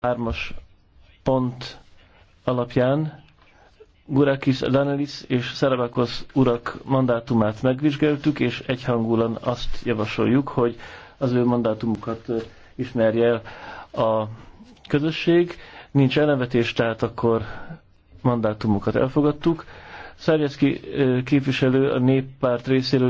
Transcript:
hármas pont alapján Gurakis Danelis és Szerebakos urak mandátumát megvizsgáltuk, és egyhangulan azt javasoljuk, hogy az ő mandátumukat ismerje el a közösség. Nincs elnevetés, tehát akkor mandátumukat elfogadtuk. Szerjeszki képviselő a néppárt részéről